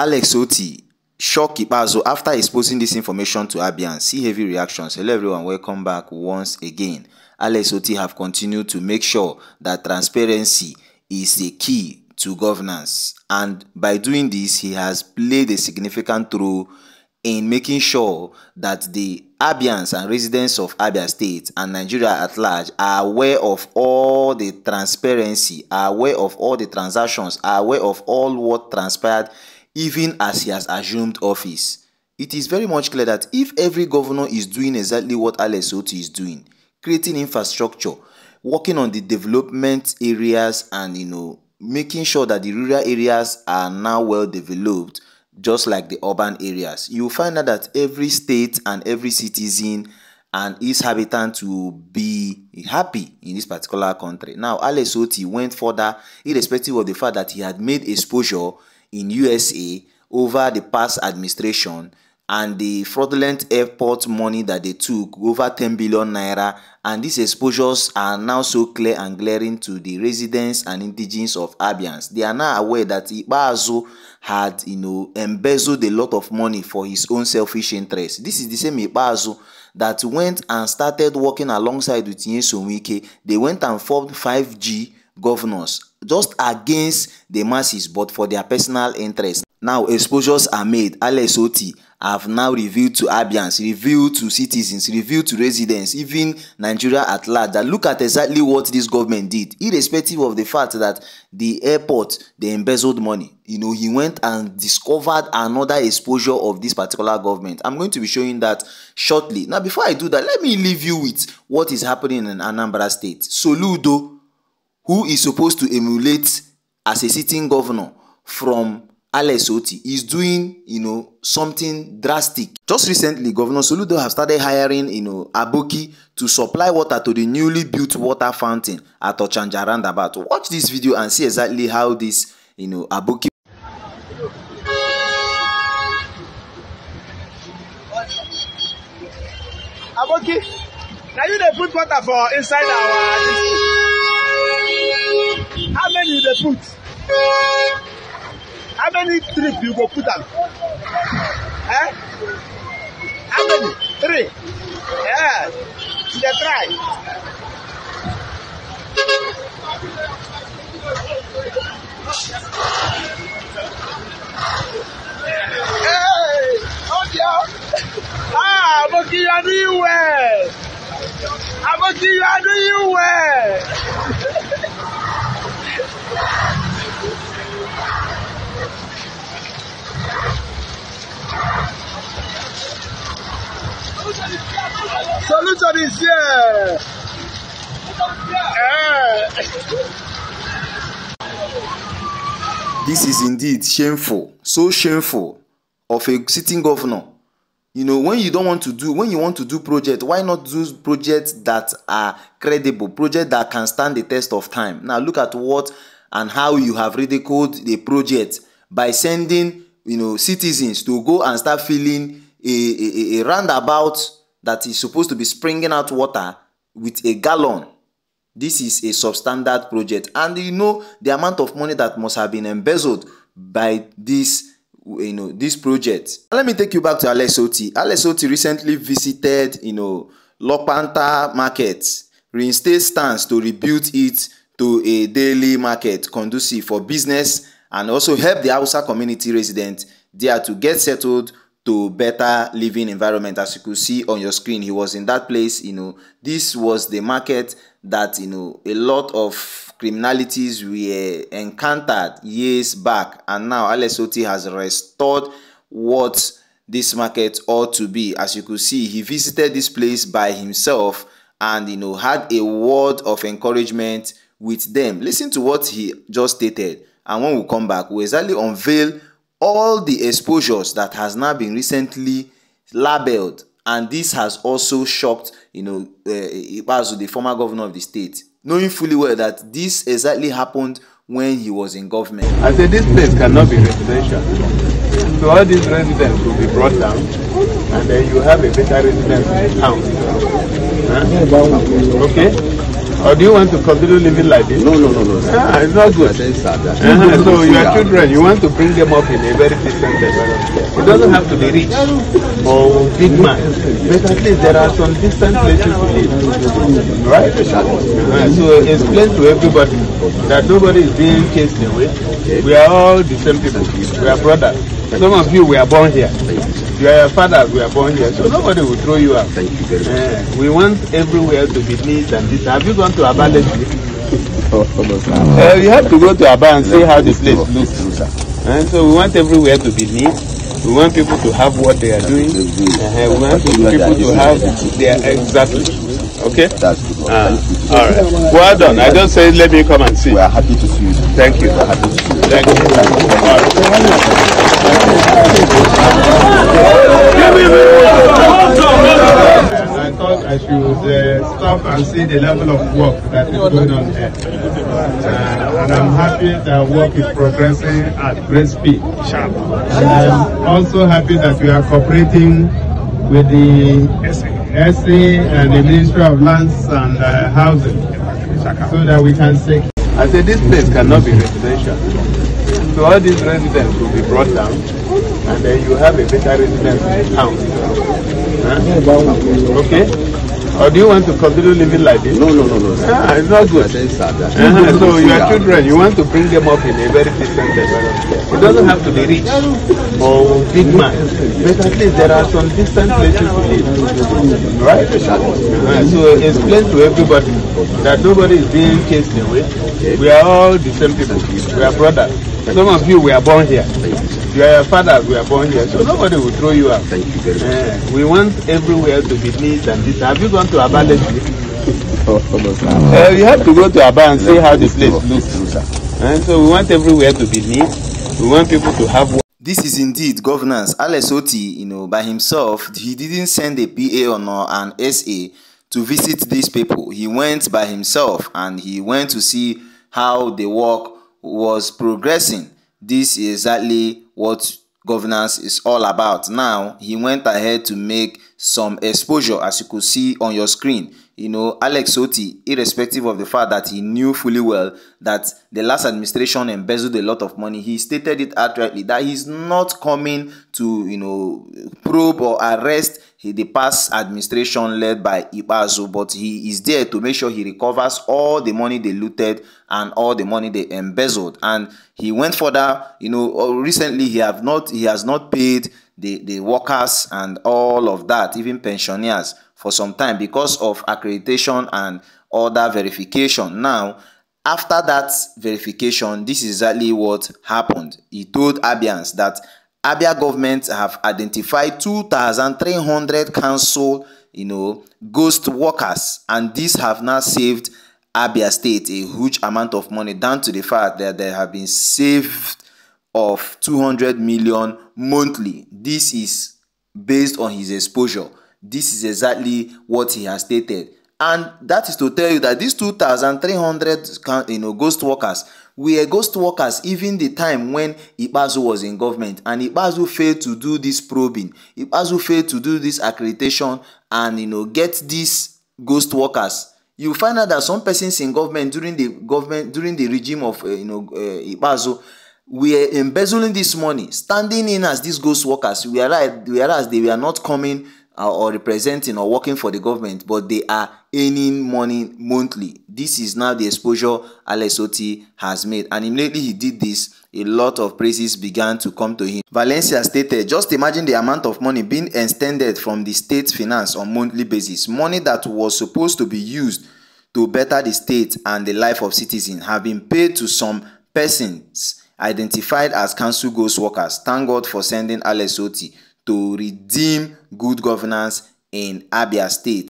Alex Oti shock ikpeazụ after exposing this information to Abia see heavy reactions. Hello everyone, welcome back once again. Alex Oti have continued to make sure that transparency is the key to governance and by doing this he has played a significant role in making sure that the Abians and residents of Abia State and Nigeria at large are aware of all the transparency, are aware of all the transactions, are aware of all what transpired even as he has assumed office. It is very much clear that if every governor is doing exactly what Alex is doing, creating infrastructure, working on the development areas and you know making sure that the rural areas are now well developed just like the urban areas you will find out that every state and every citizen and its habitant will be happy in this particular country now alex went further irrespective of the fact that he had made exposure in USA over the past administration and the fraudulent airport money that they took over 10 billion naira and these exposures are now so clear and glaring to the residents and indigenes of Abians, They are now aware that Ikpeazu had you know embezzled a lot of money for his own selfish interest. This is the same Ikpeazu that went and started working alongside with Nyesom Wike. They went and formed 5G governors just against the masses but for their personal interest. Now exposures are made. Alex Oti have now revealed to Abians, revealed to citizens, revealed to residents, even Nigeria at large that look at exactly what this government did, irrespective of the fact that the airport, they embezzled money. You know, he went and discovered another exposure of this particular government. I'm going to be showing that shortly. Now, before I do that, let me leave you with what is happening in Anambra State. Soludo who is supposed to emulate as a sitting governor from Alex is doing, you know, something drastic. Just recently, Governor Soludo have started hiring, you know, Aboki to supply water to the newly built water fountain at Ochanja roundabout. Watch this video and see exactly how this, you know, Aboki. Aboki, now you dey put water for inside our. How many you dey put? How many trip you go put am? Eh? How many? Three. Yeah. You dey try. Hey! Ọ̀dìọ́! Ah! Mo kí yọ ní ìwẹ̀! Àmọ́ kí yọ Somebody is eh. This is indeed shameful, so shameful of a sitting governor. You know, when you don't want to do, when you want to do project, why not do projects that are credible, projects that can stand the test of time? Now look at what and how you have ridiculed the project by sending, you know, citizens to go and start filling a, a, a roundabout that is supposed to be springing out water with a gallon this is a substandard project and you know the amount of money that must have been embezzled by this you know this project let me take you back to alex oti alex oti recently visited you know lopanta market reinstate stands to rebuild it to a daily market conducive for business and also help the hausa community residents there to get settled to better living environment as you could see on your screen he was in that place you know this was the market that you know a lot of criminalities were encountered years back and now LSOT has restored what this market ought to be as you could see he visited this place by himself and you know had a word of encouragement with them listen to what he just stated and when we come back we exactly unveil all the exposures that has now been recently labelled, and this has also shocked you know uh, eh, eh, Ipazu, the former governor of the state knowing fully well that this exactly happened when he was in government. I said this place cannot be residential. So all these residents will be brought down and then you have a better residence in town. Huh? Okay? Or do you want to continue living like this? No, no, no, no. Ah, it's not good. Uh-huh. So your children, you want to bring them up in a very decent environment. It doesn't have to be rich or big man, but at least there are some decent places to live, right? Uh, so explain to everybody that nobody is being chased away. We are all the same people. We are brothers. Some of you we are born here. You are a father, we are born here, so nobody will throw you out. Thank you very eh, much. Uh, we want everywhere to be neat and this. Have you gone to Aba lately? uh, you have to go to Aba and see how the place looks. And eh, so we want everywhere to be neat. We want people to have what they are doing. Uh, we want people to have their exactly. Okay? Uh, all right. Well done. I just said, let me come and see. We are happy to see you. Thank you. Thank you. Thank you. Thank you. All right. I thought I should uh, stop and see the level of work that is going on here. Uh, and I'm happy that work is progressing at great speed, And I'm also happy that we are cooperating with the SA and the Ministry of Lands and uh, Housing so that we can take. I said this place cannot be residential. So all these residents will be brought down, and then you have a better residence in town. Huh? Okay? Or do you want to continue living like this? No, no, no, no. Ah, it's not good. Uh-huh. So your children, you want to bring them up in a very different environment. It doesn't have to be rich or big man, but at least there are some distant places to live, right? Uh, so explain to everybody that nobody is being chased away. We are all the same people. We are brothers. Some of you were born here. You. are your father, we are born here. So nobody will throw you out. Thank you very much. Uh, we want everywhere to be neat and this. Have you gone to abandon? Oh, lately? uh, you have to go to Aba and see how the place looks. And eh, so we want everywhere to be neat. We want people to have This is indeed governance. Alex Oti, you know, by himself, he didn't send a PA or an SA to visit these people. He went by himself and he went to see how they work was progressing. This is exactly what governance is all about. Now, he went ahead to make some exposure as you could see on your screen. You know, Alex Oti, irrespective of the fact that he knew fully well that the last administration embezzled a lot of money, he stated it outrightly that he's not coming to, you know, probe or arrest the past administration led by Ibazo, but he is there to make sure he recovers all the money they looted and all the money they embezzled. And he went further, you know, recently he have not he has not paid the, the workers and all of that, even pensioners, for some time because of accreditation and other verification. Now, after that verification, this is exactly what happened. He told Abians that Abia government have identified 2,300 council, you know, ghost workers, and these have now saved Abia State a huge amount of money down to the fact that they have been saved of 200 million monthly. This is based on his exposure. This is exactly what he has stated. And that is to tell you that these 2,300 you know, ghost workers were ghost workers even the time when Ibazu was in government. And Ibazu failed to do this probing. Ibazu failed to do this accreditation and you know get these ghost workers you find out that some persons in government during the government during the regime of uh, you know uh, eh, Ipazu we are embezzling this money, standing in as these ghost workers, are whereas they were not coming uh, or representing or working for the government, but they are earning money monthly. This is now the exposure Alex Oti has made. And immediately he did this, a lot of praises began to come to him. Valencia stated, just imagine the amount of money being extended from the state finance on monthly basis. Money that was supposed to be used to better the state and the life of citizens have been paid to some persons identified as council ghost workers thank God for sending Alex to redeem good governance in Abia State.